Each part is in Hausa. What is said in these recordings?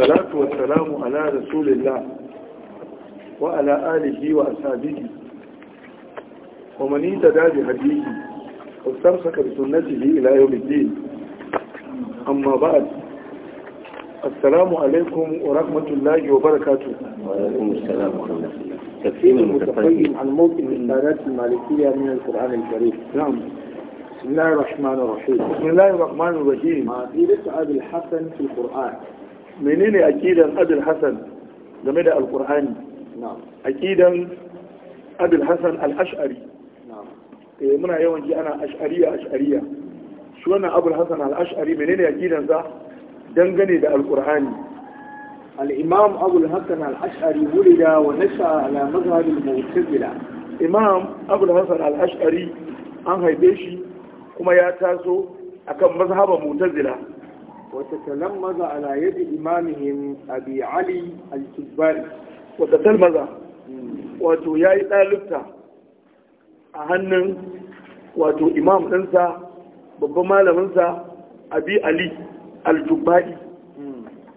والصلاة والسلام على رسول الله وعلى آله وأصحابه ومن اهتدى بهديه واستمسك بسنته إلى يوم الدين أما بعد السلام عليكم ورحمة الله وبركاته وعليكم السلام ورحمة الله تفسير المتقيم عن موطن الإنسانات المالكية من القرآن الكريم نعم بسم الله الرحمن الرحيم بسم الله الرحمن الرحيم في أبي الحسن في القرآن menene aqidan abul Hassan game da alqur'ani aqidan abul Hassan al-ash'ari eh muna yawan ji ana ash'ariya ash'ariya shi wannan abul hasan al-ash'ari menene aqidan sa dangane da alqur'ani al-imam abul hasan al-ash'ari wulida wa nasha ala mazhab al-mu'tazila imam abul Hassan al-ash'ari an haife shi kuma ya taso akan mazhaban mu'tazila وتتلمذ على يد إمامهم أبي علي الكباري وتتلمذ وتياي يا أهنن wato imam ɗinsa babban malaminsa abi ali al-jubba'i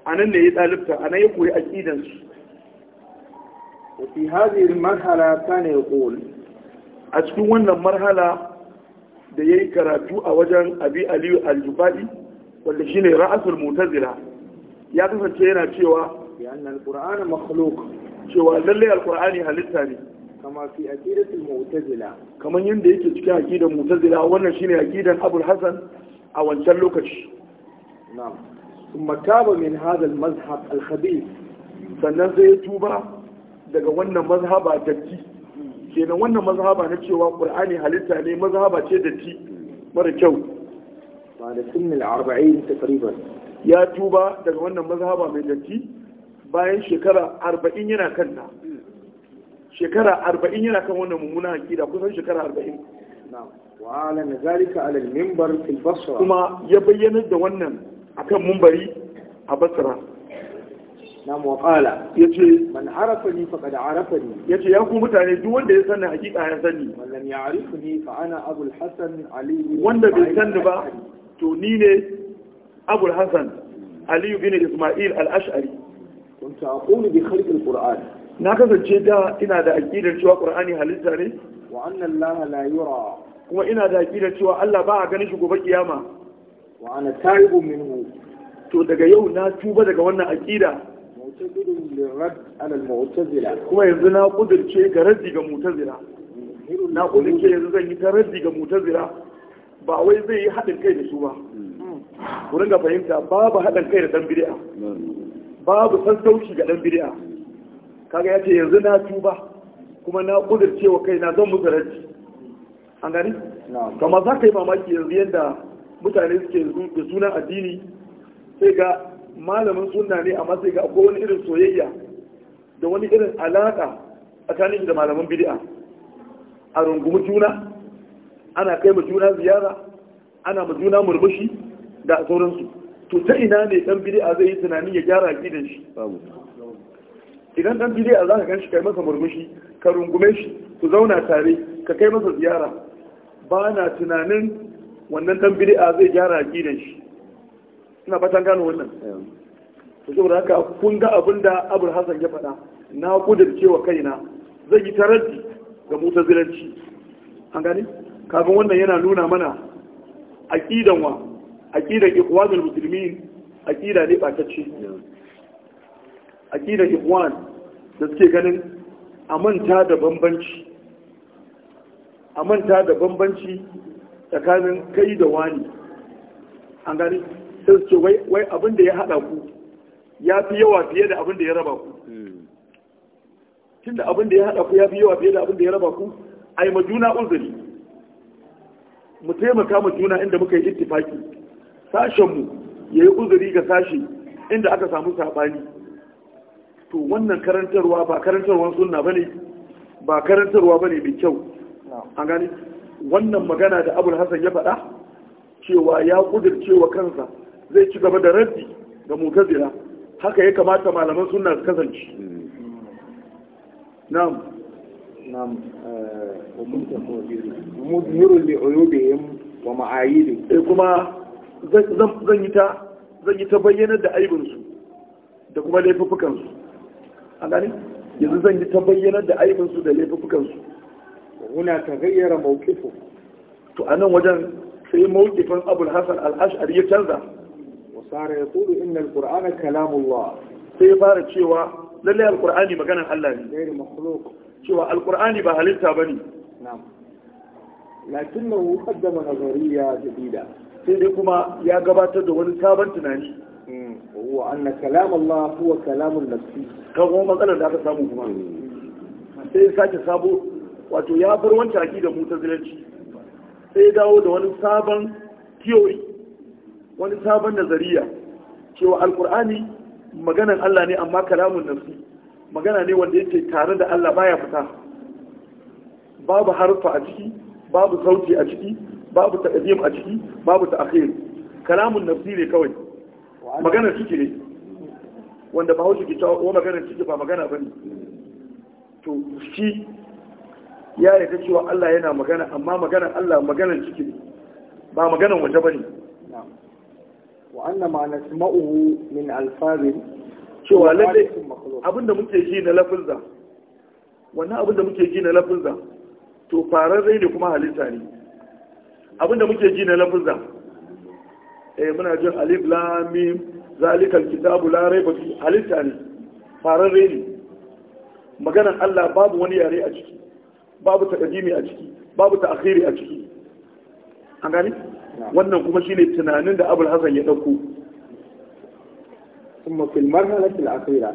a nan ne ya ɗalibta a nan ya koyi aƙidansu wafi hazin marhala cikin wannan marhala da ya yi karatu a wajen abi ali al wanda shine ra'asul mutazila ya kasance yana cewa bi anna alqur'ana makhluq cewa lalle alqur'ani halitta ne kama fi aqidatul mu'tazila kaman yanda yake cikin aqidar mu'tazila wannan shine aqidar abul hasan a wancan lokaci na'am thumma taba min hadha mazhab al sannan sai ya tuba daga wannan mazhaba datti kenan wannan mazhaba na cewa qur'ani halitta ne mazhaba ce datti mara kyau ba da sunnil arba'in taqriban ya tuba daga wannan mazhaba mai datti bayan shekara arba'in yana kan na shekara arba'in yana kan wannan mummuna kusan shekara arba'in wa ala zalika ala al-minbar fil basra kuma ya bayyana da wannan akan mumbari a basra na muqala yace man arafani faqad arafani yace ya ku mutane duk wanda ya sani hakika ya sani man lam ya'rifni fa ana ali wanda bai sani ba to ni ne abul hassan aliyu bin ismail al-ash'ari kunta aqulu bi khalqi al-qur'an na kasance da ina da aqidar cewa qur'ani halitta ne wa anna allah la yura kuma ina da aqidar cewa allah ba a ganin shi gobe kiyama wa ana taibu minhu to daga yau na tuba daga wannan aqida mu'tazilun lirad ala al-mu'tazila kuma yanzu na kudirce ga raddi ga mu'tazila na kudirce yanzu zan yi ta raddi ga mu'tazila ba wai zai yi haɗin kai da su ba ku ringa fahimta babu haɗin kai da ɗan bid'a babu san sassauci ga ɗan bid'a kaga ya ce yanzu na tuba kuma na kudirce wa kaina zan musu raji an gani kama za ka yi mamaki yanzu yadda mutane suke da sunan addini sai ga malamin sunna ne amma sai ga akwai wani irin soyayya da wani irin alaƙa tsakanin da malaman bid'a a rungumi juna ana kai juna ziyara ana juna murmushi da sauransu to ta ina ne dan bid'a zai yi tunanin ya gyara gidan shi idan dan bid'a za ka ganshi kai masa murmushi ka rungume shi ku zauna tare ka kai masa ziyara ba na tunanin wannan dan bid'a zai gyara gidan shi ina fatan gano wannan to saboda haka kun ga abinda Abul Hassan ya faɗa na kudirce wa kaina zai yi taraddi ga mutazilanci an gane kaga wannan yana nuna mana aqidan wa aqidan ikhwanul muslimin aqida ne batacce aqidan ikhwan da suke ganin a manta da bambanci amanta da bambanci tsakanin kai da wani an gani sai su ce wai abin da ya haɗa ku ya fi yawa fiye da abin da ya raba ku hmm. tun da abin da ya haɗa ku ya fi yawa fiye da abin da ya raba ku a yi ma juna uzuri mu taimaka mu juna inda muka yi ittifaki sashenmu ya yi uzuri ga sashi inda aka samu saɓani to wannan karantarwa ba karantarwar sunna ba ne ba karantarwa ba ne mai kyau an gani wannan magana da abul hassan ya faɗa cewa ya ƙudircewa kansa zai ci gaba da raddi ga mutazila haka ya kamata malaman sunna su kasance na'am nam mudhirul li uyubihim wa ma'ayidihim eh kuma zan yi ta zan da aibinsu da kuma laifukansu a gani yanzu zan yi ta bayyanar da aibinsu da laifukansu huna ta gayyara mawkifu to anan wajen sai mawkifin abul hasan al-ash'ari ya canza wa sara yaqulu inna al-qur'ana kalamullah sai ya fara cewa lallai al maganar Allah ne cewa alkur'ani ba halitta ba ne lakin na mukaddama nazariya jadida sai dai kuma ya gabatar da wani sabon tunani hmm, wa anna kalam Allah huwa kalamun nafsi kan kuma matsalar da aka samu kuma sai ya sake sabo wato ya bar wancan akida mutazilanci sai ya dawo da wani sabon theory wani sabon nazariya cewa alkur'ani maganan Allah ne amma kalamun nafsi magana ne wanda yake tare da Allah baya fita babu harfa a ciki babu sauti a ciki babu taqdim a ciki babu ta'khir kalamun nafsi ne kawai magana ciki ne wanda ba hausa ke cewa oh, magana ciki ba magana bane to shi ya yarda cewa Allah yana magana amma maganar Allah maganar ciki ne ba maganar waje bane wa anna ma nasma'uhu min alfazin cewa lalle abinda muke ji na lafinza wannan abinda muke ji na lafinza to fararrai ne kuma halitta ne abinda muke ji na lafinza eh muna jin alif lam mim zalikal kitabu la rayba fi halitta ne fararrai ne maganar Allah babu wani yare a ciki babu takadimi a ciki babu ta'khiri a ciki an gani wannan kuma shine tunanin da Abul Hasan ya dauko kuma fil marhalatil akhira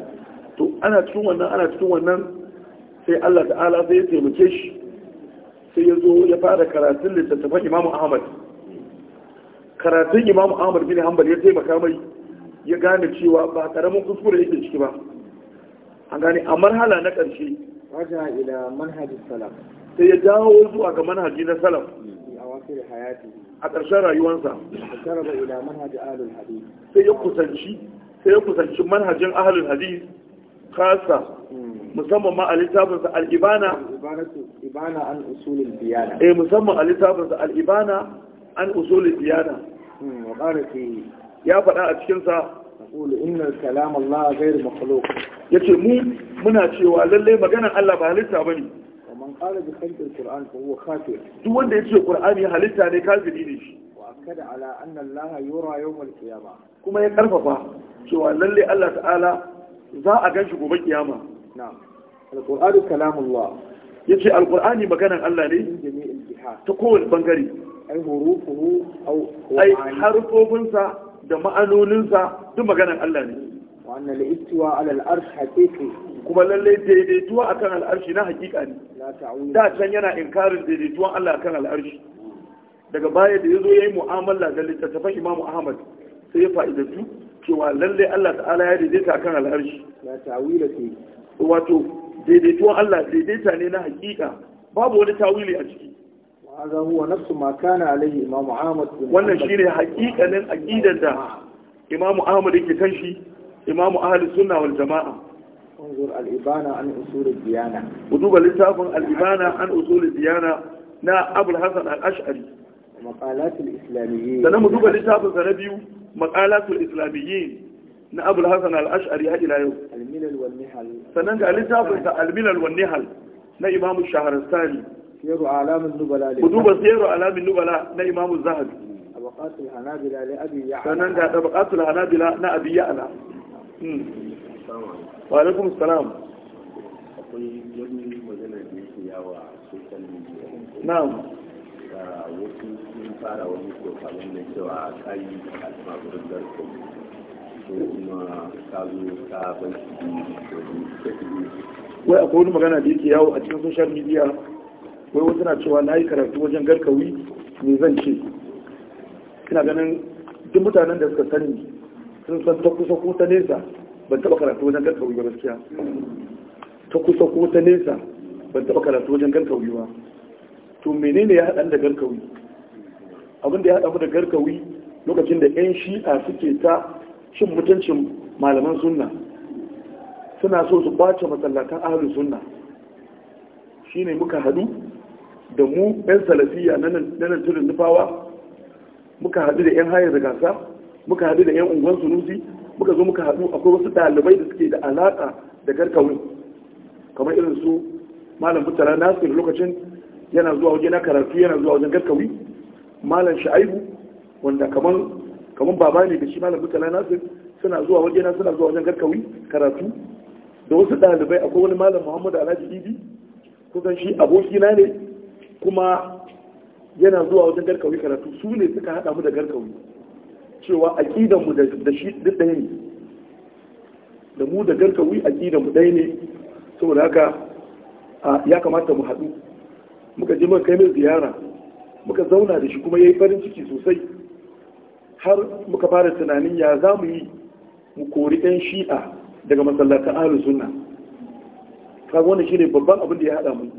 to ana cikin wannan ana cikin wannan sai Allah ta'ala sai ya taimake shi sai ya zo ya fara karatun littattafan Imam Ahmad karatun Imam Ahmad bin Hanbal ya taimaka mai ya gane cewa ba karamin kuskure yake ciki ba A gane a marhala na ƙarshe raja ila manhajin salaf sai ya dawo zuwa ga manhaji na Salam. a ƙarshen rayuwarsa sai ya kusanci sai ya kusanci manhajin ahalin hadis kasa musamman ma a littafinsa al'ibana ibana an usulul biyana. eh musamman a littafinsa al'ibana an usulul biyana. Hmm, ya faɗa a cikinsa aqulu inna kalam Allah ghayr makhluq yace mu muna cewa lalle maganar Allah ba halitta bane man qala bi khalqi alquran fa huwa kafir duk wanda yace qur'ani halitta ne kafiri ne shi wa akada ala anna Allah yura yawm alqiyama kuma ya karfafa cewa lalle Allah ta'ala za a gan shi gobe kiyama na'am alqur'anu kalamullah yace alqur'ani maganan Allah ne ta kowane bangare ai hurufuhu da ma'anoninsa duk maganan Allah ne wannan laistiwa alal arsh haqiqi kuma lalle daidaituwa akan al'arshi na haƙiƙa ne da can yana inkarin daidaituwan Allah akan al'arshi daga baya da yazo yayi mu'amala da littattafan Imam Ahmad sai ya fa'idatu cewa lalle Allah ta'ala ya daidaita akan al'arshi la ta'wila fi wato daidaituwan Allah daidaita ne na hakika babu wani tawili a ciki hadha huwa nafsu ma kana alaihi imam Ahmad wannan shine hakikanin aqidan da imam Ahmad yake kan shi imam ahli sunna wal jamaa انظر الإبانة عن أصول الديانة ودوب لتاف الإبانة عن أصول الديانة نا أبو الحسن الأشعري ومقالات الإسلاميين سنم maqalatul islamiyyin na abul hasan al-ash'ari har ila yau sannan ga littafin sa al na imam shahrastani ku duba sayru alamin nubala na imam zahabi sannan ga tabaqatul hanabila na abi wa salam akwai magana da yake yawa media na'am fara wani kokarin da cewa a kayi a wurin garko ko kuma ka zo ka bar wai akwai wani magana da yake yawo a cikin social media wai wata na cewa na yi karatu wajen garkawi me zan ce kina ganin duk mutanen da suka sani sun san ta kusa ko ta nesa ban taba karatu wajen garkawi ba gaskiya ta kusa ko ta nesa ban taba karatu wajen garkawi ba to menene ya haɗa da garkawi abin da ya haɗa mu da garkawi lokacin da 'yan shi'a suke ta cin mutuncin malaman sunna suna so su bace masallatan ahalin sunna ne muka hadu da mu 'yan salafiya na nan turin nufawa muka hadu da 'yan hayar da gasa muka hadu da 'yan unguwan sunusi muka zo muka hadu akwai wasu ɗalibai da suke da alaƙa da garkawin kamar irin su malam fitara nasir lokacin yana zuwa wajen na karatu yana zuwa wajen garkawi malam sha'ibu wanda kaman baba ne da shi malam mutala nasir suna zuwa na suna zuwa wajen garkawi karatu da wasu ɗalibai akwai wani malam muhammadu alhaji Ko kusan shi abokina ne kuma yana zuwa wajen garkawi karatu su ne suka haɗa mu da garkawi cewa mu da shi duk ɗaya ne da mu da garkawi mu ɗaya ne saboda haka ya kamata mu haɗu muka je muka kai mai ziyara muka zauna da shi kuma ya yi farin ciki sosai har muka fara tunanin ya za mu yi mu kori ɗan shi'a daga masallatan ahlu sunna wani shi ne babban abin da ya haɗa mu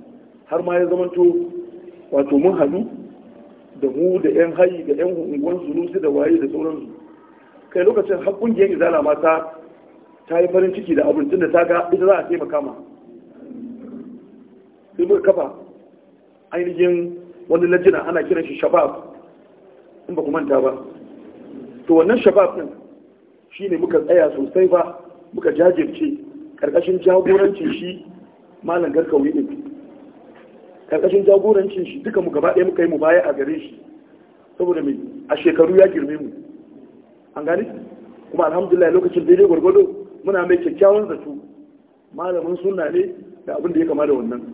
har ma ya zamanto wato mun haɗu da mu da ƴan hayi da ƴan unguwan sunusi da waye da sauransu kai lokacin har ƙungiyar izala ma ta yi farin ciki da abincin da ta ga ita za a taimaka ma sai muka kafa ainihin wani lajina ana kiran shi shabab in ba ku manta ba to wannan shabab din shine muka tsaya sosai ba muka jajirce karkashin jagorancin shi malam garkawi din karkashin jagorancin shi duka mu gaba ɗaya muka yi mu baya a gare shi saboda mai a shekaru ya girme mu an gani kuma alhamdulillah lokacin daidai gwargwado muna mai kyakkyawan zato malamin sunna ne da abin da ya kama da wannan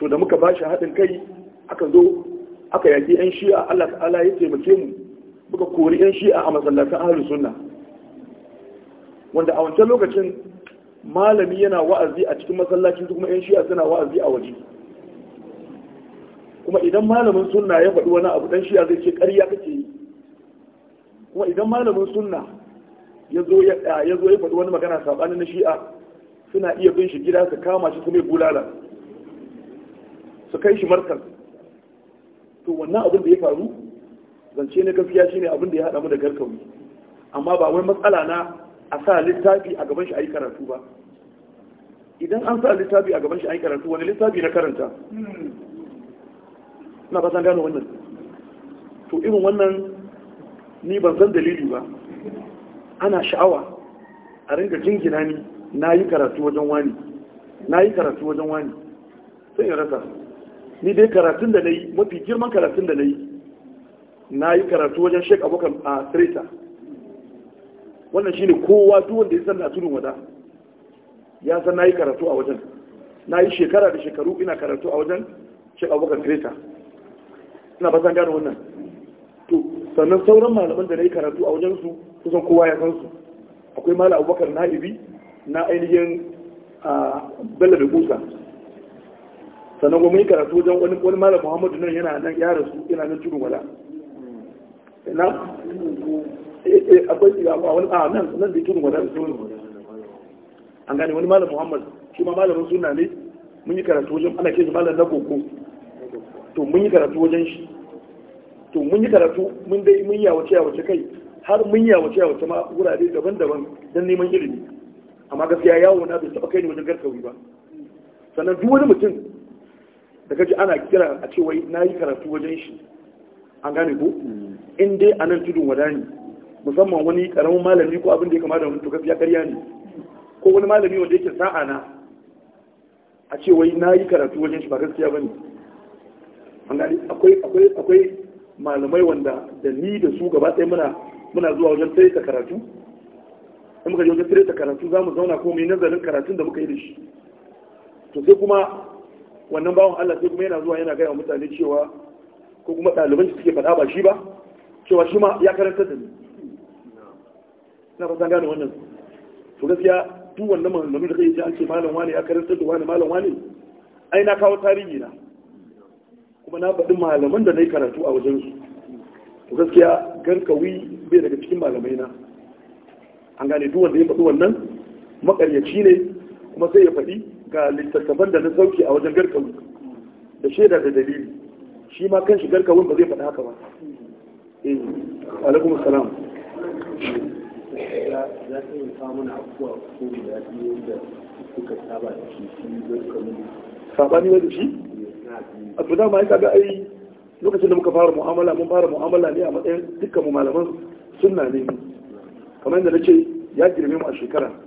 to da muka bashi haɗin kai aka zo aka yaki yan shi'a Allah ta'ala ya taimake mu muka kori yan shi'a a masallacin ahlus sunna wanda a wancan lokacin malami yana wa'azi a cikin masallaci su kuma yan shi'a suna wa'azi a waje kuma idan malamin sunna ya faɗi wani abu dan shi'a zai ce ƙarya kake yi kuma idan malamin sunna ya zo ya faɗi wani magana saɓanin na shi'a suna iya bin shi gida su kama shi su mai bulala su kai shi markar. to wannan abin da ya faru zance na gaskiya shine abin da ya haɗa mu da garkawi amma ba wai matsala na a sa littafi a gaban shi a yi karatu ba idan an sa littafi a gaban shi a yi karatu wani littafi na karanta na ba san gano wannan to irin wannan ni ban san dalili ba ana sha'awa a ringa jingina ni na yi karatu wajen wani na yi karatu wajen wani sai ya rasa ni dai karatun da na yi mafi girman karatun da na yi na yi karatu wajen shek abokan a sireta wannan shi ne kowa duk wanda ya san na tunin wada ya san na yi karatu a wajen na yi shekara da shekaru ina karatu a wajen shek abokan sireta ina ba san gane wannan to sannan sauran malaman da na yi karatu a wajen su kusan kowa ya san su akwai malam abubakar na'ibi na ainihin bello da gusa sannan kuma yi karatu wajen wani wani malam muhammadu nan yana nan ya rasu yana nan cikin wala eh, eh akwai a wani a nan nan da cikin wala da sauran an gane wani malam muhammad shi ma malamin suna ne mun yi karatu wajen ana ke malam na koko to mun yi karatu wajen shi to mun yi karatu mun dai mun yawace wace kai har mun yi yawace wace ma wurare daban-daban don neman ilimi amma gaskiya yawo na bai taɓa kai ne wajen garkawi ba sannan duk wani mutum da kaji ana kira a ce wai na yi karatu wajen shi an gane ko in dai a nan tudun wadani musamman wani karamin malami ko abin da ya kama da to gaskiya karya ne ko wani malami wanda yake sa'a na a ce wai na yi karatu wajen shi ba gaskiya bane an gane akwai akwai akwai malamai wanda da ni da su gaba ɗaya muna muna zuwa wajen tsaye karatu in muka je wajen tsaye karatu za mu zauna ko mu yi nazarin karatun da muka yi da shi to sai kuma wannan bawan Allah sai kuma yana zuwa yana gaya wa mutane cewa ko kuma ɗaliban suke faɗa ba shi ba cewa shi ma ya karanta da ni na fasan gane wannan to gaskiya tu wannan manzanni da kai ji an ce malam wani ya karanta da wani malam wani ai na kawo tarihi na kuma na faɗi malaman da na yi karatu a wajen su to gaskiya garkawi bai daga cikin malamai na an gane duk wanda ya faɗi wannan makaryaci ne kuma sai ya faɗi ga littattafan da na sauki a wajen garkawu da shaida da dalili shi ma kan shi garkawun ba zai faɗi haka ba eh alaikum salam za ta yi kawo mana abubuwa ko da yadda suka saba da shi shi garkawun sabani wani shi a to dama ya kaga ai lokacin da muka fara mu'amala mun fara mu'amala ne a matsayin dukkan mu malaman sunna ne kamar yadda ce ya girme mu a shekara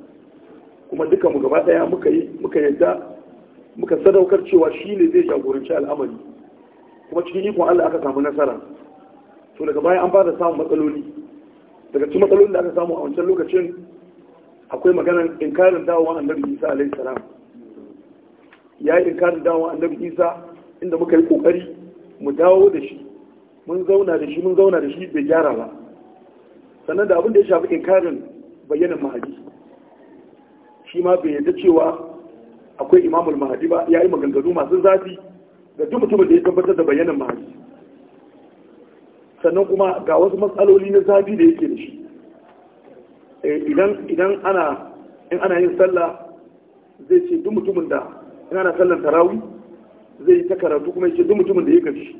kuma duka mu gaba daya muka yi muka yadda muka sadaukar cewa shi ne zai jagoranci al'amari kuma cikin ikon Allah aka samu nasara to daga baya an fara samun matsaloli daga cikin matsalolin da aka samu a wancan lokacin akwai maganar inkarin dawowa annabi Isa alaihi salam ya yi inkarin dawowa annabi Isa inda muka yi kokari mu dawo da shi mun zauna da shi mun zauna da shi bai gyara ba sannan da abin da ya shafi inkarin bayanan mahadi shi ma bai yadda cewa akwai imamul mahadi ba ya yi maganganu masu zafi da duk mutumin da ya tabbatar da bayanin mahadi sannan kuma ga wasu matsaloli na zafi da yake da shi eh, idan ana in ana yin sallah zai ce duk mutumin da in ana sallan tarawi zai yi ta karatu kuma ya ce duk mutumin da ya gaji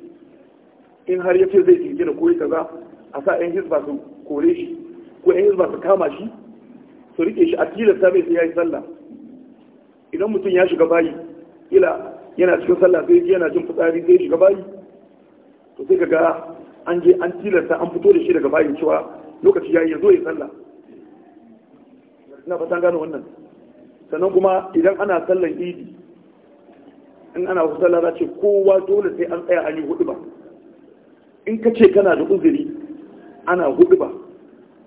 in har ya ce zai gina ko kaza a sa yan hisba su kore shi ko yan hisba su kama shi su rike shi a tilasta mai sai ya yi sallah idan mutum ya shiga bayi ila yana cikin sallah sai yana jin fitsari sai shiga bayi to sai kaga an je an tilasta an fito da shi daga bayin cewa lokaci ya yi zo ya sallah ina fatan gano wannan sannan kuma idan ana sallan idi in ana wasu sallah za ce kowa dole sai an tsaya an yi hudu ba in ka ce kana da uzuri ana hudu ba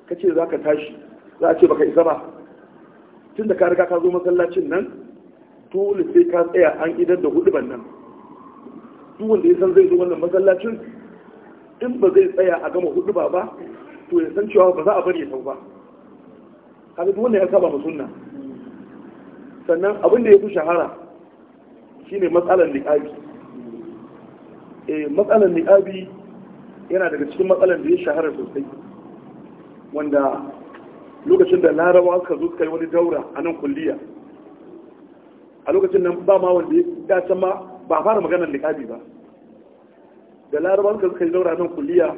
ka ce za ka tashi za a ce baka isa ba tun da ka riga ka zo masallacin nan dole sai ka tsaya an idan da ban nan duk wanda ya san zai zo wannan masallacin in ba zai tsaya a gama hudu ba to ya san cewa ba za a bari ya tau ba kaga duk wanda ya saba sunna sannan abin da ya fi shahara shine matsalar niqabi eh matsalar niqabi yana daga cikin matsalar da ya shahara sosai wanda lokacin da larabawa suka zo suka yi wani daura a nan kulliya a lokacin nan ba ma wanda ya can ma ba fara maganar liƙabi ba da larabawa suka zo yi daura a nan kulliya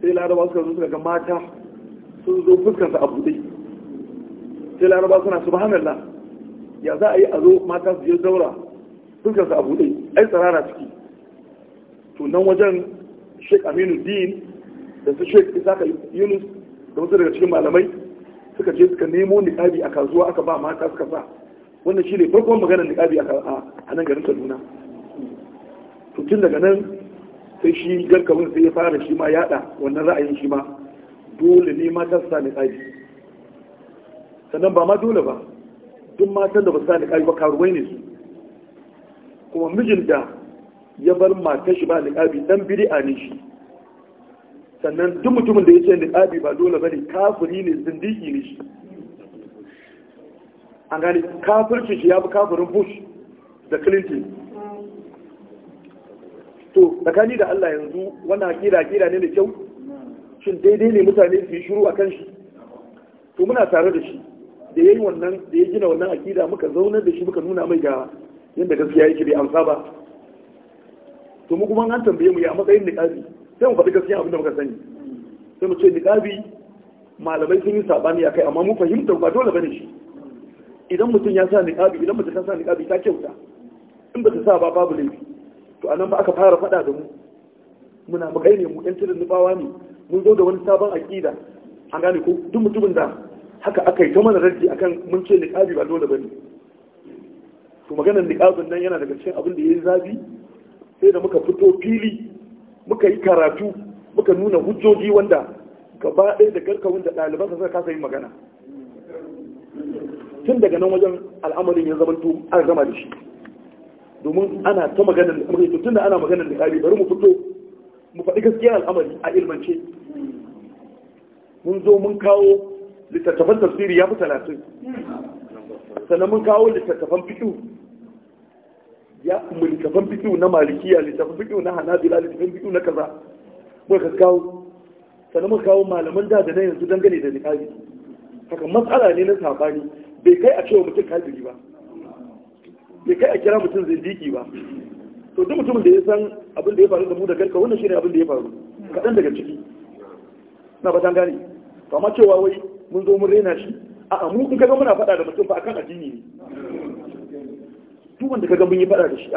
sai larabawa suka zo suka ga mata sun zo fuskansa a buɗe sai larabawa suna subhanallah ya za a yi a zo mata su je daura fuskansa a buɗe ai tsarara ciki to nan wajen sheik aminu din da su sheik isaka yunus da wasu daga cikin malamai suka je suka nemo niƙabi a kasuwa aka ba mata suka sa wannan shi ne farkon maganar niƙabi a nan garin kaduna daga nan sai shi garkawun sai ya fara shi ma yada wannan ra'ayin shi ma dole ne mata su sa niƙabi sannan ba ma dole ba duk matan da ba su sa niƙabi ba karuwai ne su kuma mijin da ya bar matar shi ba niƙabi dan bidi'a ne shi sannan duk mutumin da ya ce niqabi ba dole bane kafiri ne zindiki ne shi an gane kafirci shi ya fi kafirin bush da clinton to tsakani da allah yanzu wannan kira kira ne da kyau shin daidai ne mutane su yi shiru a kan shi to muna tare da shi da ya yi wannan da ya gina wannan akida muka zaunar da shi muka nuna mai ga yadda gaskiya yake bai amsa ba to mu kuma an tambaye mu ya matsayin niqabi sai mu faɗi gaskiya abin da muka sani sai mu ce niqabi malamai sun yi sabani akai amma mu fahimta ba dole bane shi idan mutum ya sa niqabi idan mutum ta sa niqabi ta kyauta in ba ta sa ba babu laifi to anan ba aka fara faɗa da mu muna mu ne mu yan tilin nubawa ne mun zo da wani sabon aƙida an gane ko duk mutumin da haka aka yi ta mana raddi akan mun ce niqabi ba dole bane to maganar niqabin nan yana daga cikin abin da yayi zabi sai da muka fito fili muka yi karatu muka nuna hujjoji wanda gaba ɗaya da garkawun da ɗalibansa suka kasa yin magana tun daga nan wajen al'amarin ya zama to an gama da shi domin ana ta maganar da amurka tun da ana maganar da kari bari mu fito mu faɗi gaskiyar al'amari a ilmance mun zo mun kawo littattafan tafsiri ya fi talatin sannan mun kawo littattafan fito. ya mulkafan fikiyu na malikiya littafin fikiyu na hanabila littafin fikiyu na kaza muka kawo sannan muka kawo malaman da da na yanzu dangane da nikahi haka matsala ne na sabani bai kai a cewa mutum kafiri ba bai kai a kira mutum zindiki ba to duk mutumin da ya san abin da ya faru da mu da garka wannan shine abin da ya faru kaɗan daga ciki na ba gane to amma cewa wai mun zo mun rena shi a'a mu in kaga muna faɗa da mutum ba akan addini ne duk wanda ka mun yi fada da shi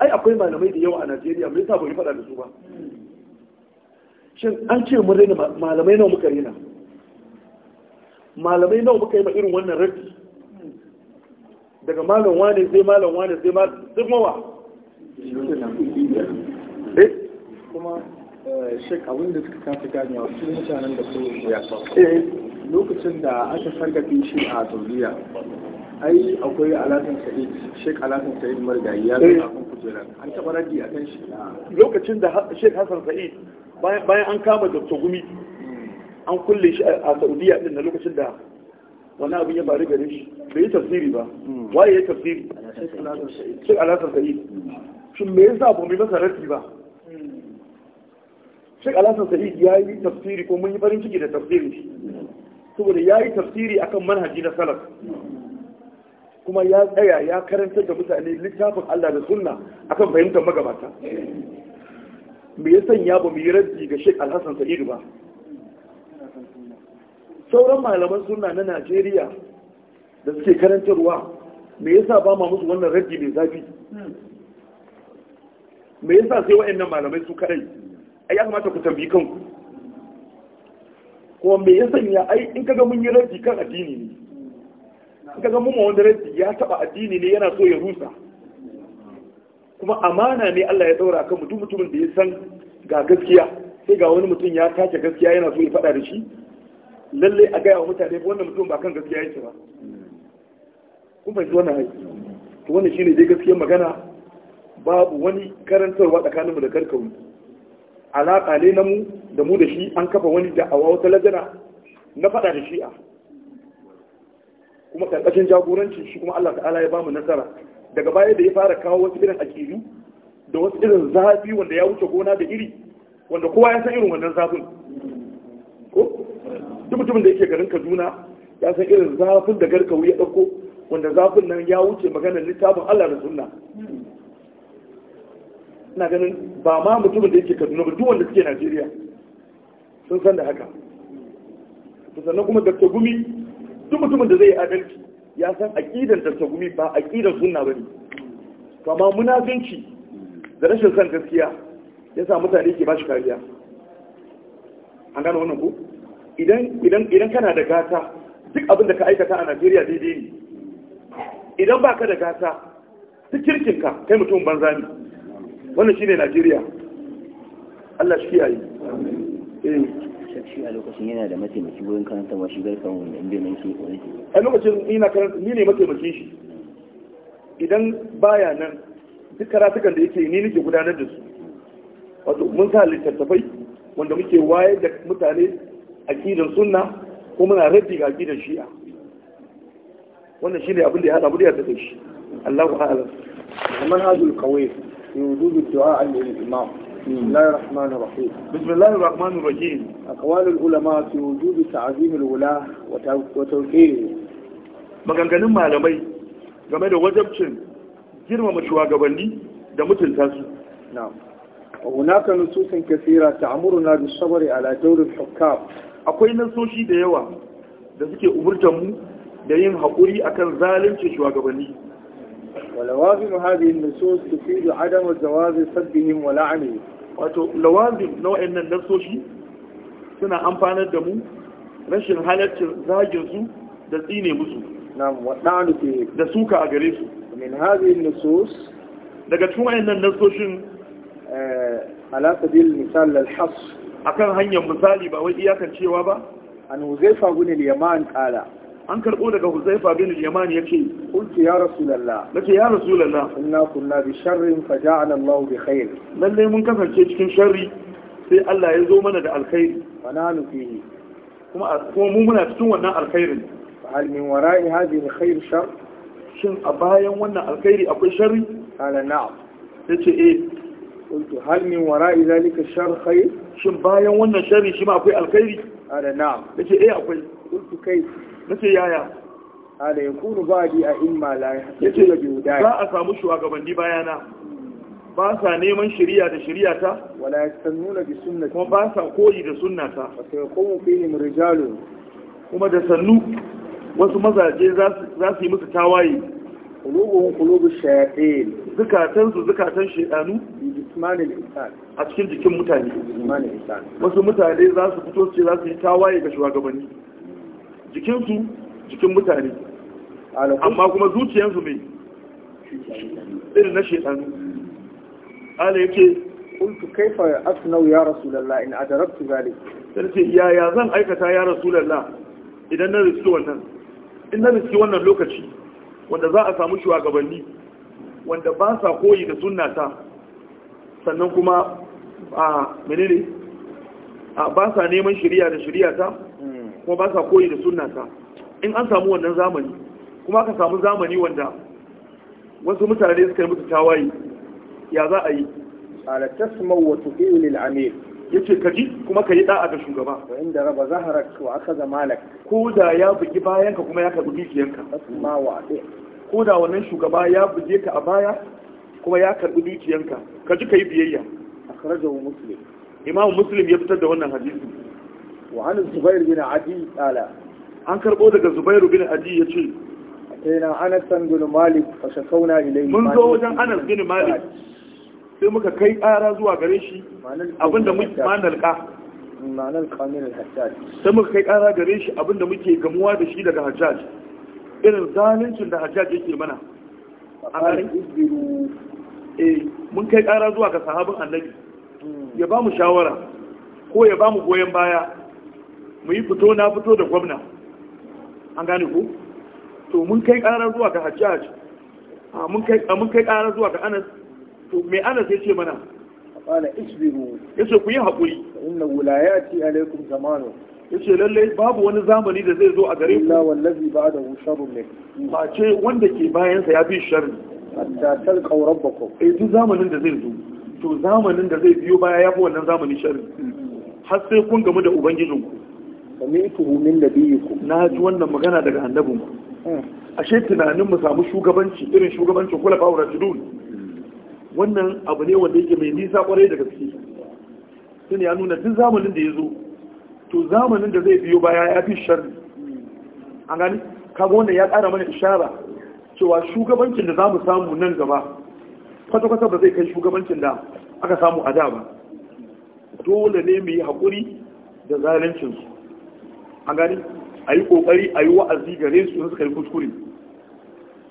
ai akwai malamai da yawa a Najeriya me yasa ba fada da su ba shin an ce mu raina malamai nawa muka raina malamai nawa muka yi ma irin wannan rabi daga malam wane sai malam wane sai malam duk mawa eh? kuma eh, shek abinda suka kafa ganewa su mutanen da su ya eh. lokacin da aka sargafe shi a zuriya ai akwai alasan sa'id sheikh alasan sa'id margayi ya zama eh. kan an taɓa a kan shi lokacin da sheik hassan sa'id bayan an kama dr gumi hmm. an kulle shi a saudiya din na lokacin da wani abin ya faru gare shi bai yi tafsiri ba hmm. waye ya tafsiri sheik alasan sa'id shi me yasa ba mu masa rafi ba hmm. sheik alasan sa'id ya yi tafsiri ko mun yi farin ciki da tafsiri saboda ya yi tafsiri akan manhaji na salaf kuma ya tsaya ya karantar da mutane littafin Allah da sunna akan fahimtar magabata me ya sanya ba mu yi raddi ga Sheikh Al-Hassan Sa'idu ba sauran malaman sunna na Najeriya da suke karantarwa me yasa ba ma musu wannan raddi mai zafi me yasa sai waɗannan malamai su kadai ai ya kamata ku tambayi kanku kuma me ya sanya ai in kaga mun yi raddi kan addini ne ga ga mu wanda rabi ya taba addini ne yana so ya rusa kuma amana ne Allah ya daura kan mutum mutumin da ya san ga gaskiya sai ga wani mutum ya tace gaskiya yana so ya faɗa da shi lalle a gaya wa mutane wannan mutum ba kan gaskiya yake ba kun fahimci wannan haƙi to wannan shine dai gaskiyar magana babu wani karantarwa tsakaninmu da karkaru alaƙa ne na mu da mu da shi an kafa wani da'awa wata lajana na faɗa da shi'a kuma karkashin jagorancin shi kuma Allah ta'ala ya ba mu nasara daga baya da ya fara kawo wasu irin akidu da wasu irin zafi wanda ya wuce gona da iri wanda kowa ya san irin wannan zafin ko duk mutumin da yake garin Kaduna ya san irin zafin da garkawu ya dauko wanda zafin nan ya wuce maganar littafin Allah da sunna ina ganin ba ma mutumin da yake Kaduna ba duk wanda suke Najeriya sun san da haka sannan kuma da Gumi duk mutumin da zai yi adalci ya san aƙidar da gumi ba aƙidar sunna bane kama munafinci da rashin san gaskiya ya sa mutane ke ba shi kariya an gano wannan ko idan kana da gata duk abin da ka aikata a Najeriya daidai ne idan ba ka da gata duk kirkinka kai mutum banza ne wannan shine Najeriya Allah shi kiyaye eh shi a lokacin yana da mataimaki wurin karanta wa shi garkan wanda inda mai ke kwanci a lokacin ni karanta ni ne mataimaki shi idan baya nan duk karatukan da yake ni nake gudanar da su wato mun sa littattafai wanda muke wayar da mutane a kidan sunna ko muna rabbi ga aqidar shi'a wannan shine abin da ya hada mu da shi Allahu a'lam manhajul qawiyy fi wujud du'a al-imam Bismillahi الله الرحمن الرحيم بسم الله الرحمن الرحيم أقوال العلماء في وجوب تعظيم الولاة maganganun malamai game da wajabcin girmama shugabanni da mutunta su na'am hunaka nususan kasira ta'muruna bis sabri ala dawr al hukam akwai nasoshi da yawa da suke umurtar mu da yin haƙuri akan zalunci shugabanni ولوازم هذه النصوص تفيد عدم جواز سبهم ولعنهم wato lawazim na wayannan nasoshi suna amfanar da mu rashin halaccin zagin su da tsine musu na'am wadanu ke da suka a gare su min hadhihi nusus daga cikin wayannan nasoshin eh, ala sabil misal al has akan hanyar misali ba wai iyakan cewa ba an huzaifa bin al yaman qala an karɓo daga huzaifa bin yaman ya ce kuntu ya rasulallah na ce ya rasulallah inna kunna bi sharrin fa ja'ala Allah bi khair lalle mun kasance cikin sharri sai Allah ya zo mana da alkhairi fa nanu fihi kuma kuma mu muna cikin wannan alkhairin fa hal min wara'i hadhihi alkhair shar shin a bayan wannan alkhairi akwai sharri ala na'am yace eh kuntu hal min wara'i zalika shar khair shin bayan wannan sharri shi ma akwai alkhairi ala na'am yace eh akwai kuntu kai nace yaya ala ba di a imma la yace ya biuda za a samu shugabanni bayana ba sa neman shari'a da shari'a ta wala ya yastannuna bi sunna kuma ba sa koyi da sunna ta sunnata fa sayqumu fihim rijalun kuma da sannu wasu mazaje za su yi musu tawaye kulubuhum kulubu shayatin zukatan su zukatan shedanu jismanil insan a cikin jikin mutane jismanil insan wasu mutane za su fito ce za su yi tawaye ga shugabanni jikinsu jikin mutane amma kuma zuciyarsu mai irin na shekaru ala yake kuntu kaifa asnau ya rasulullah in adaraktu zalik sai ce yaya zan aikata ya rasulullah idan na riski wannan in na riski wannan lokaci wanda za a samu shugabanni wanda ba sa koyi da sunnata sannan kuma a menene a ba sa neman shirya da shirya ta kuma ba sa koyi da sunnata in an samu wannan zamani kuma aka samu zamani wanda wasu mutane suka yi musu tawaye ya za a yi ala tasmau wa tuqiu lil amir yace ka ji kuma ka yi da'a ga shugaba wa inda raba zaharak wa akhadha malak ko da ya bugi bayan ka kuma ya karbi dukiyanka tasma wa ati ko da wannan shugaba ya buge ka a baya kuma ya karbi dukiyanka ka ji ka yi biyayya akhrajahu muslim imam muslim ya fitar da wannan hadisi وعن الزبير بن عدي قال عن كربو دغ زبير بن عدي يتي أتينا أنس بن مالك فشكونا إليه من زو وجن أنس بن مالك sai muka kai ƙara zuwa gare shi abinda muke manalka ma'anar kamin hajjaj sai muka kai ƙara gare shi abinda muke gamuwa da shi daga hajjaj irin zaluncin da hajjaj yake mana eh, mun kai ƙara zuwa ga sahabin annabi hmm. ya ba mu shawara ko ya ba mu goyon baya mu yi fito na fito da gwamna an gane ku to mun kai ƙarar zuwa ga hajjaj mun kai ƙarar zuwa ga anas to mai anas ya ce mana قال Ya yace ku yi hakuri inna wilayati alaikum zamanu yace lalle babu wani zamani da zai zo a gare ku illa wallazi bada sharrun ne ba ce wanda ke bayan sa ya fi sharri hatta talqaw rabbakum eh duk zamanin da zai zo to zamanin da zai biyo baya ya fi wannan zamani sharri har sai kun gamu da ubangijinku sami'tuhu min nabiyikum na ji wannan magana daga annabinku hmm. ashe tunanin mu samu shugabanci irin shugabancin kula ba wannan abu ne wanda yake mai nisa kwarai da gaske sun ya nuna duk zamanin da ya zo to zamanin da zai biyo baya ya fi shar an gani kaga wannan ya kara mana ishara cewa shugabancin da zamu samu nan gaba kwata-kwata ba zai kai shugabancin da aka samu a da ba dole ne mu yi haƙuri da su an gani a yi ƙoƙari a yi wa'azi gare su suka yi kuskure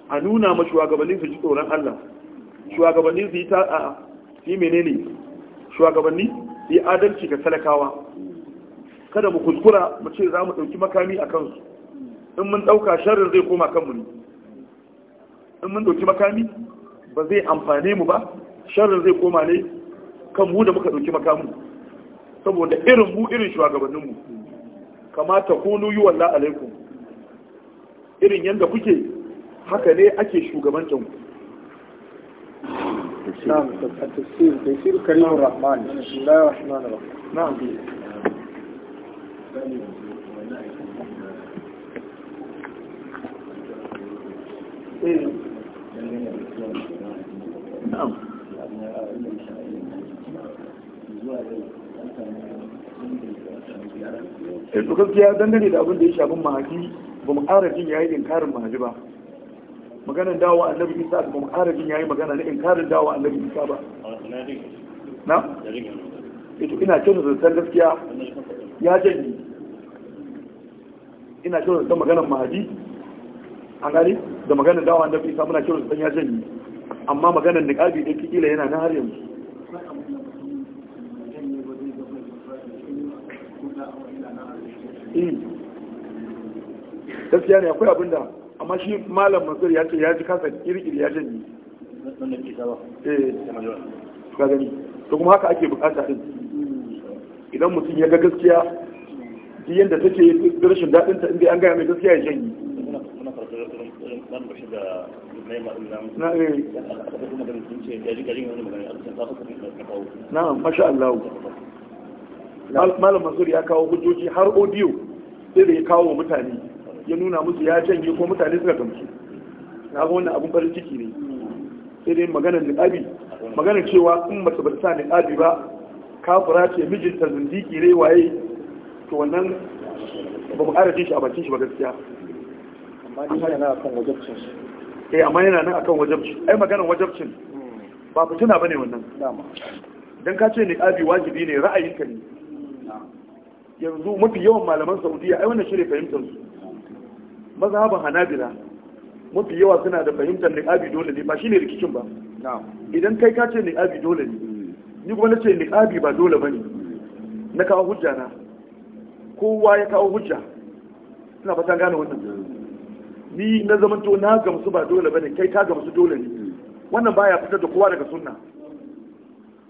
a nuna ma shugabannin su ji tsoron Allah shugabannin su yi ta a yi menene shugabanni su yi adalci ga talakawa kada mu kuskura mu ce za mu ɗauki makami a kansu in mun ɗauka sharrin zai koma kanmu ne in mun ɗauki makami ba zai amfane mu ba sharrin zai koma ne kan mu da muka ɗauki makamu saboda irin mu irin shugabanninmu kama ta kunu yi walla alaikum irin yadda kuke haka ne ake shugabancin ku نعم التفسير sai to gaskiya dangane da abin da ya shafi mahaji ba mu ƙara jin yayi inkarin mahaji ba maganar dawo annabi isa ba mu ƙara jin yayi magana na inkarin dawo annabi isa ba na ito ina kyautar zartar gaskiya ya janye ina kyautar zartar maganar mahaji A gani da maganar dawo annabi isa muna kyautar zartar ya janye amma maganar niƙabi da kila yana na har yanzu Eh. gaskiya ne akwai abin da amma shi malam mansur ya ce ya ji kansa kirkir ya janye eh. ka gani to kuma haka ake bukata din idan mutum ya ga gaskiya ji yadda take rashin daɗin ta inda an gaya mai gaskiya ya janye na'am masha Allah malam mansur ya kawo hujjoji har audio sai da ya kawo wa mutane ya nuna musu ya canje ko mutane suka gamsu na ga wannan abun farin ciki ne sai dai maganar niqabi maganar cewa in mace ba ta sa niqabi ba kafira ce mijinta zindiki ne waye to wannan ba mu ƙara shi a bakin shi ba gaskiya amma dai yana nan akan wajabcin eh amma yana nan akan wajabci ai maganar wajabcin hmm. ba fitina bane wannan dama dan ka ce niqabi wajibi ne ra'ayinka ne yanzu mafi yawan malaman saudiya ai wannan shine fahimtar su mazhabin hanabila mafi yawa suna da fahimtar abi dole ne ba shine rikicin ba idan kai ka ce abi dole ne ni kuma nace abi ba dole bane na kawo hujja na kowa ya kawo hujja suna fatan gane wannan ni na zamanto na gamsu ba dole bane kai ka gamsu dole ne wannan baya fitar da kowa daga sunna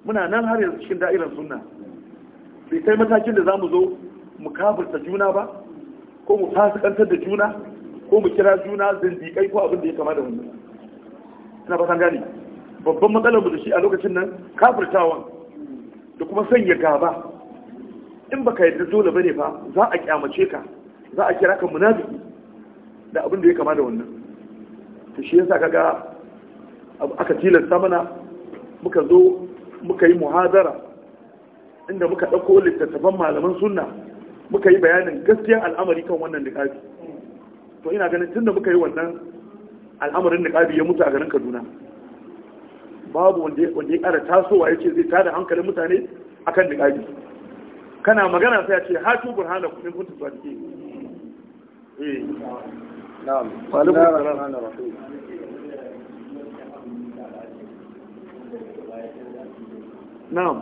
muna nan har yanzu cikin da'irar sunna bai kai matakin da za mu zo mu kafirta juna ba ko mu fasikantar da juna ko mu kira juna zindiƙai ko abin da ya kama da wannan ina fatan gani babban matsalar mu da shi a lokacin nan kafirtawan da kuma sanya gaba in baka yadda dole bane ba za a kyamace ka za a kira ka munafiki da abin da ya kama da wannan to shi yasa kaga aka tilasta mana muka zo muka yi muhadara inda muka ɗauko littattafan malaman sunna muka yi bayanin gaskiyar al'amari kan wannan niƙabi to ina ganin tunda muka yi wannan al'amarin niƙabi ya mutu a garin kaduna babu wanda ya ƙara tasowa ya ce zai tada hankalin mutane akan niƙabi kana magana sai ya ce hatu burhana kuɗin kuntu sadiki eh na'am na'am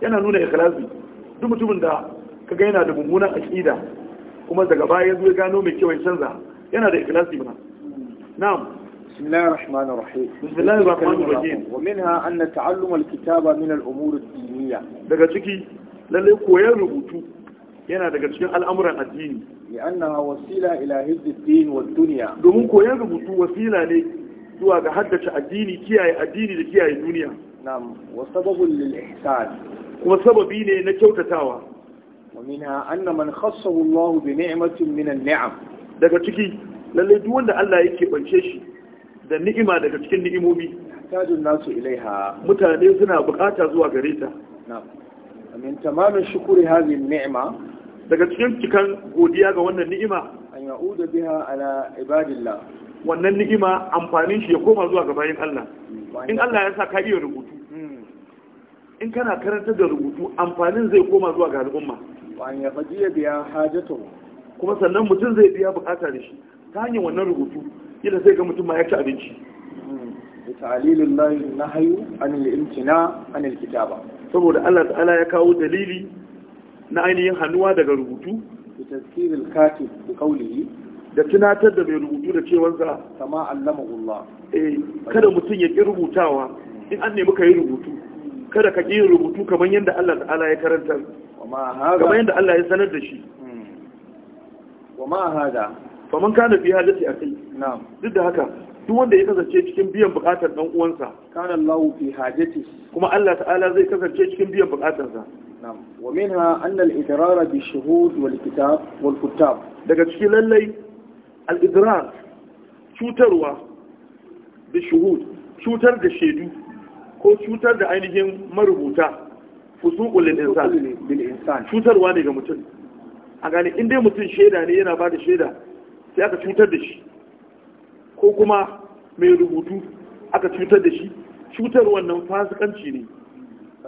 yana nuna ikhlasi duk mutumin da kaga yana da mummunan aqida kuma daga baya ya ya gano mai kyau ya canza yana da ikhlasi ba na'am بسم الله الرحمن الرحيم بسم الله الرحمن الرحيم ومنها أن تعلم daga ciki lalle koyar rubutu yana daga cikin al'amuran addini لأنها وسيلة إلى حفظ الدين والدنيا domin koyar rubutu wasila ne zuwa ga haddace addini kiyaye addini da kiyaye duniya na'am wa lil ihsan kuma sababi ne na kyautatawa ومنها أن من خصه الله بنعمة من النعم daga ciki lalle duk wanda Allah yake bance shi da ni'ima daga cikin ni'imomi ilaiha mutane suna bukata zuwa gare ta min tamamin shukuri hadhihi ni'ima daga cikin cikan godiya ga wannan ni'ima an ya'uda biha ala ibadillah wannan ni'ima amfanin shi ya koma zuwa ga bayin Allah in Allah ya sa ka iya rubutu in kana karanta da rubutu amfanin zai koma zuwa ga al'umma an ya fajiya biya hajjato kuma sannan mutum zai biya bukata da shi ta hanyar wannan rubutu yana sai ga mutum ma ya ci abinci da hmm. ta'alilin layin na hayu an al'imtina an saboda Allah ta'ala ya kawo dalili na ainihin hannuwa daga rubutu da tazkiril kati da kaulihi da tunatar da mai rubutu da cewansa kama allama Allah eh kada mutum ya ki rubutawa in an nemi ka yi rubutu kada ka ƙi rubutu kamar yadda Allah ta'ala ya karanta kamar yadda Allah ya sanar da shi hmm. wa ma hada faman kana fi hadisi a kai. duk da haka duk wanda ya kasance cikin biyan bukatar ɗan uwansa kana Allahu fi hajati kuma Allah ta'ala zai kasance cikin biyan bukatarsa na'am wa min anna annal idrar bi shuhud wal kitab wal kuttab daga cikin lallai al-idrar cutarwa bi shuhud cutar da shaidu ko cutar da ainihin marubuta fusuqul lil insan cutarwa ne ga mutum a gani, in dai mutum shaida ne yana ba da shaida sai aka cutar da shi ko kuma mai rubutu aka cutar da shi cutar wannan fasikanci ne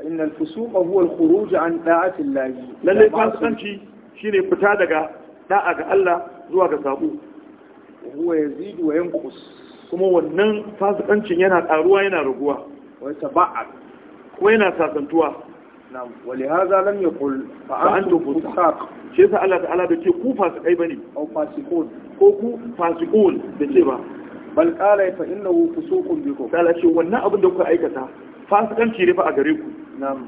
innal fusuqa huwa al-khuruj an da'ati llahi lalle fasikanci shine fita daga da'a ga Allah zuwa ga sabo huwa yazidu wa yanqus kuma wannan fasikancin yana karuwa yana raguwa wai taba'a ko yana sasantuwa na'am wali hadha lam yaqul fa antum fusaq shi sa Allah ta'ala da ce ku fasikai bane au fasikun ko ku fasikun da ce ba bal qala fa innahu fusuqun bikum kala ce wannan abin da kuka aikata fasikanci ne fa a gare ku na'am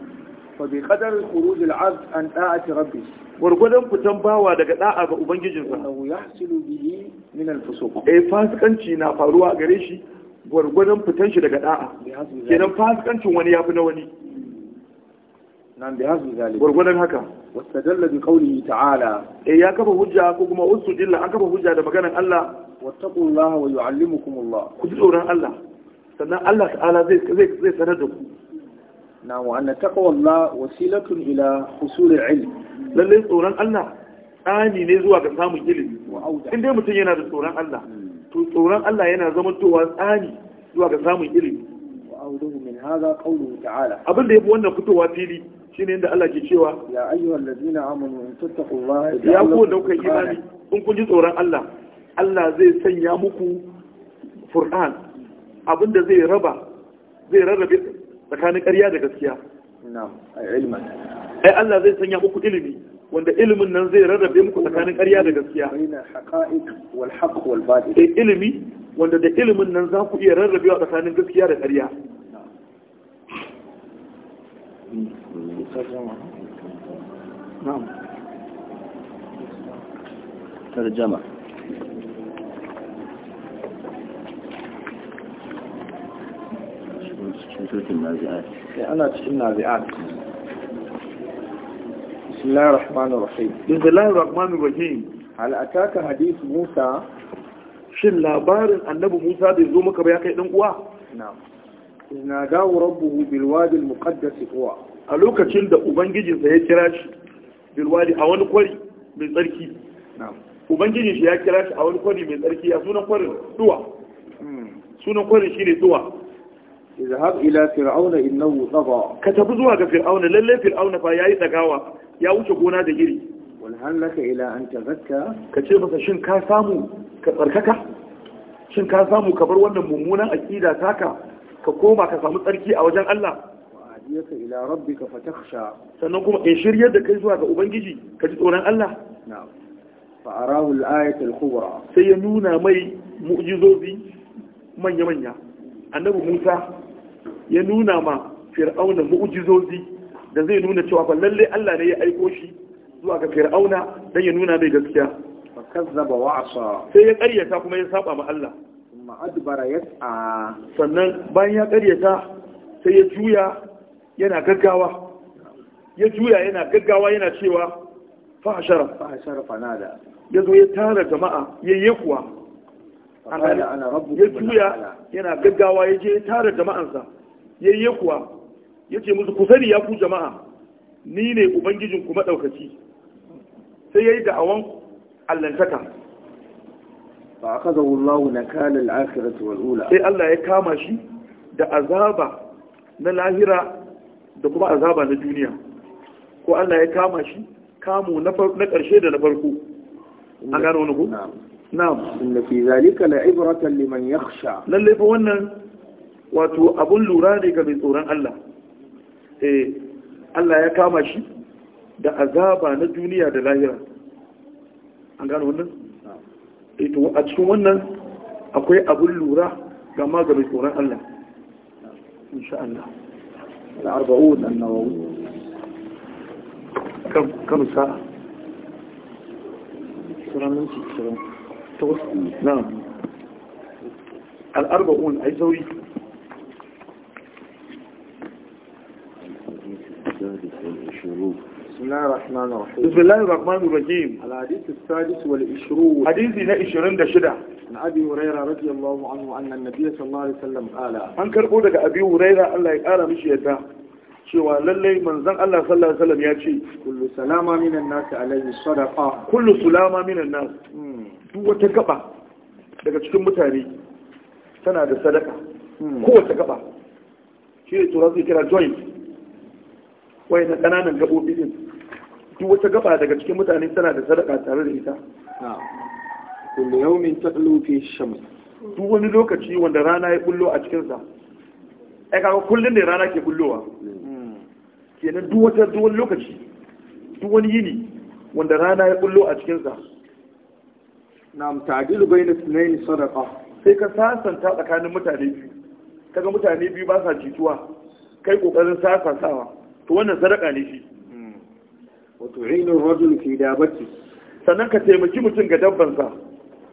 fa bi qadar khuruj al-'abd an da'ati rabbi gwargwadon fitan bawa daga da'a ga ubangijinsa wannan yahsilu bihi min al-fusuq eh fasikanci na faruwa a gare shi gwargwadon fitan shi daga da'a kenan fasikancin wani ya fi na wani nan bi hasu zalik gwargwadon haka wastadalla bi qawlihi ta'ala eh ya kafa hujja ko kuma dilla an kafa hujja da maganar Allah wattaqullaha wa Allah ku ji tsoron Allah sannan Allah ta'ala zai zai zai sanar da ku na wa anna taqwallah wasilatun ila husul al-ilm lalle tsoron Allah tsani ne zuwa ga samun ilimi in dai mutum yana da tsoron Allah hmm. to tsoron Allah yana zama zamantowa tsani zuwa ga samun ilimi wa'uduhu min hadha abin da yafi wannan fitowa fili shine inda Allah ke cewa ya ayyuhal ladina amanu in da kuka imani in kun ji tsoron Allah Allah zai sanya muku fur'an. abin da zai raba zai rarrabe tsakanin ƙarya da gaskiya na'am ai Allah zai sanya muku ilimi wanda ilimin nan zai rarrabe muku tsakanin ƙarya da gaskiya da ilimi wanda da ilimin nan za ku iya rarrabewa tsakanin gaskiya da ƙarya ana cikin لكم نازعات أنا تشكل بسم الله الرحمن الرحيم بسم الله الرحمن الرحيم هل أتاك حديث موسى shin labarin annabi Musa bai zo maka ba ya kai dan uwa na'am inna da'u rabbuhu bil wadi a lokacin da ubangijin sa ya kira shi bil a wani kwari mai tsarki na'am ya kira shi a wani kwari mai tsarki ya sunan kwarin duwa hmm. sunan kwarin shine fir'auna ka tafi zuwa ga fir'auna lallai fir'auna fa yayi dagawa ya wuce gona da iri wal halaka ila an tazakka ka ce masa shin ka samu ka tsarkaka shin ka samu ka bar wannan mummunan aqida taka ka koma ka samu tsarki a wajen Allah yaka ila rabbika fatakhsha sannan kuma in shiryar da kai zuwa ga ubangiji ka ji tsoron Allah na'am fa arahu al-ayat al-kubra sai ya nuna mai mu'jizozi manya manya annabi Musa ya nuna ma fir'auna mu'jizozi da zai nuna cewa fa lalle Allah ne ya aiko shi zuwa ga fir'auna dan ya nuna mai gaskiya fa kazzaba wa asa sai ya ƙaryata kuma ya saba ma Allah thumma adbara yas'a sannan bayan ya ƙaryata sai ya juya yana gaggawa ya juya yana gaggawa yana cewa fa hashara fa hashara fanada ya zo ya tara jama'a yayye kuwa ya juya yana gaggawa ya je ya tara jama'ansa yayye kuwa yace musu ku sani ya ku jama'a ni ne ubangijin ku madaukaki sai yayi da'awan allantaka fa akhadahu Allahu nakala al-akhirati wal ula sai Allah ya kama shi da azaba na lahira da kuma azaba na duniya ko Allah ya kama shi kamo na ƙarshe da na farko an gano wani ku? na'am inda fi zalika la ibratan liman yakhsha lalle fa wannan wato abun lura ne ga mai tsoron Allah eh Allah ya kama shi da azaba na duniya da lahira an gano wannan eh, to a cikin wannan akwai abun lura ga maganin tsoron Allah insha Allah al-arba'un an-nawawi كم كم ساعة؟ نعم الأربعون أي زوجي والعشرون بسم الله الرحمن الرحيم بسم الله الرحمن الرحيم الحديث السادس والعشرون حديث هنا عشرين دشدة عن أبي هريرة رضي الله عنه أن النبي صلى الله عليه وسلم قال عن كربودك أبي هريرة الله قال مش يتاه cewa lallai manzon Allah sallallahu alaihi wasallam ya ce kullu salama minan nas alaihi sadaqa kullu salama minan nas hmm. duk wata gaba daga cikin mutane tana da sadaka hmm. kowace gaba shi turanci kira joint wai na ƙananan gaɓoɓi ɗin, duk wata gaba daga cikin mutane tana da sadaka tare da ita kullu yawmin taqlu fi shams duk wani lokaci wanda rana ya bullo a cikin sa ai kaga kullun ne rana ke bullowa kenan duk wata duk wani lokaci duk wani yini wanda rana ya bullo a cikin sa na'am ta'dilu bayna sunayn sadaqa sai ka sasanta tsakanin mutane biyu kaga mutane biyu ba sa jituwa kai kokarin sasantawa to wannan sadaka ne shi wa tu'inu rajul fi dabati sannan ka taimaki mutum ga dabban sa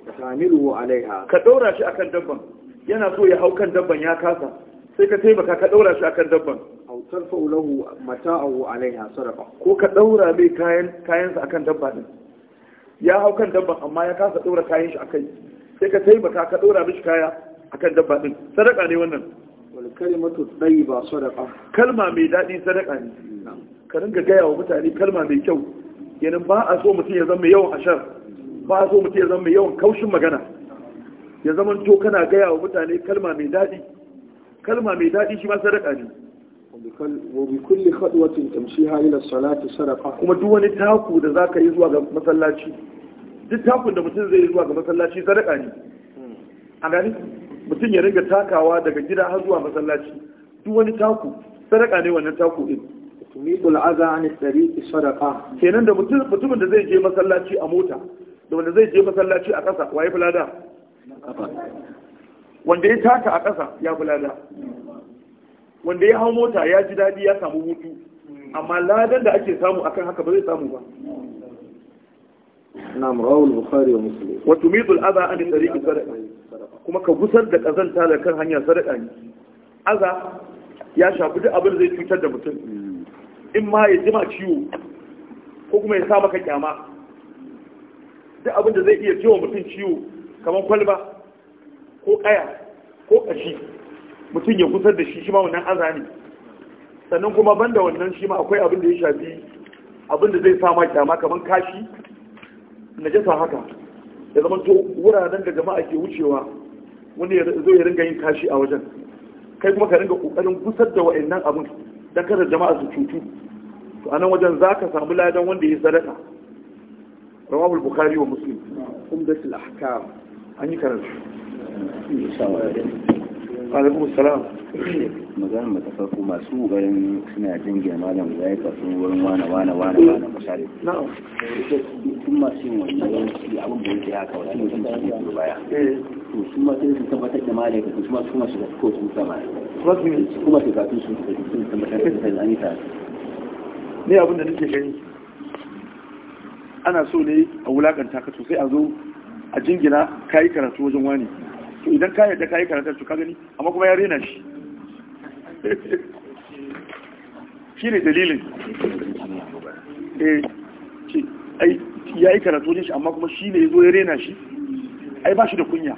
Ka tamilu alaiha ka daura shi akan dabban yana so ya hau kan dabban ya kasa sai ka taimaka ka daura shi akan dabban aw tarfa'u lahu mata'ahu alaiha sadaqa ko ka daura mai kayan kayansa akan dabba din ya hau kan dabban amma ya kasa daura kayan shi akai sai ka taimaka ka daura mishi kaya akan dabba din sadaka ne wannan walkalimatu tayyiba sadaqa kalma mai daɗi sadaka ne ka ringa gaya wa mutane kalma mai kyau yanin ba a so mutum ya zama yawan ashar ba a so mutum ya zama yawan kaushin magana ya zama to kana gaya wa mutane kalma mai daɗi kalma mai daɗi shi ma sadaka ne wa bi kulli khadwatin tamshiha ila salati sadaqa kuma duk wani taku da zaka yi zuwa ga masallaci duk takun da mutum zai yi zuwa ga masallaci sadaka ne a gani mutum ya riga takawa daga gida har zuwa masallaci duk wani taku sadaka ne wannan taku din tumidul aza an tariq sadaqa kenan da mutum mutumin da zai je masallaci a mota da wanda zai je masallaci a ƙasa waye fulada wanda ya taka a ƙasa ya fulada wanda ya hau mota ya ji daɗi ya samu hutu amma ladan da ake samu akan haka ba zai samu ba na rawul bukhari wa muslim wa tumidul aza an tariq sadaqa kuma ka gusar da kazanta da kan hanyar sadaka ne aza ya shafi duk abin zai cutar da mutum in ma ya jima ciwo ko kuma ya sa maka kyama duk abin da zai iya ciwo mutum ciwo kamar kwalba ko kaya ko kashi mutum ya gusar da shi shi ma wannan aza ne sannan kuma banda wannan shi ma akwai abin da ya shafi abin da zai sa ma kyama kamar kashi najasa haka ya zama to wuraren da jama'a ke wucewa wani zai ya ringa yin kashi a wajen kai kuma ka ringa kokarin gusar da wa'annan abin dan kada jama'a su cutu to a nan wajen za ka samu ladan wanda ya sadaka rawahul bukhari wa muslim umdatul ahkam an yi karatu magana mu ta farko masu ƙoƙarin suna jin girma da mu zai kasu wurin wane wane wane wane misali sun masu yin wani yawanci abin da yake haka wani mutum da ke baya eh. to sun ma sai su tabbatar da malaka su ma su ma shiga ko sun sama kuma su kafin su sun tabbatar da sai an yi ta ne abin da nake gani ana so ne a wulakanta ka sosai a zo a jingina kayi karatu wajen wani to idan ka yadda kayi karatu to ka gani amma kuma ya rena shi shi ne dalilin eh, ya yi karatu shi amma kuma shi ne ya zo ya rena shi ai ba shi da kunya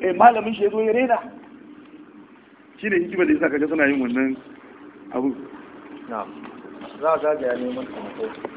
eh malamin shi ya zo ya rena shi ne hikimar da ya sa kaga suna yin wannan abu za a zagaya neman taimako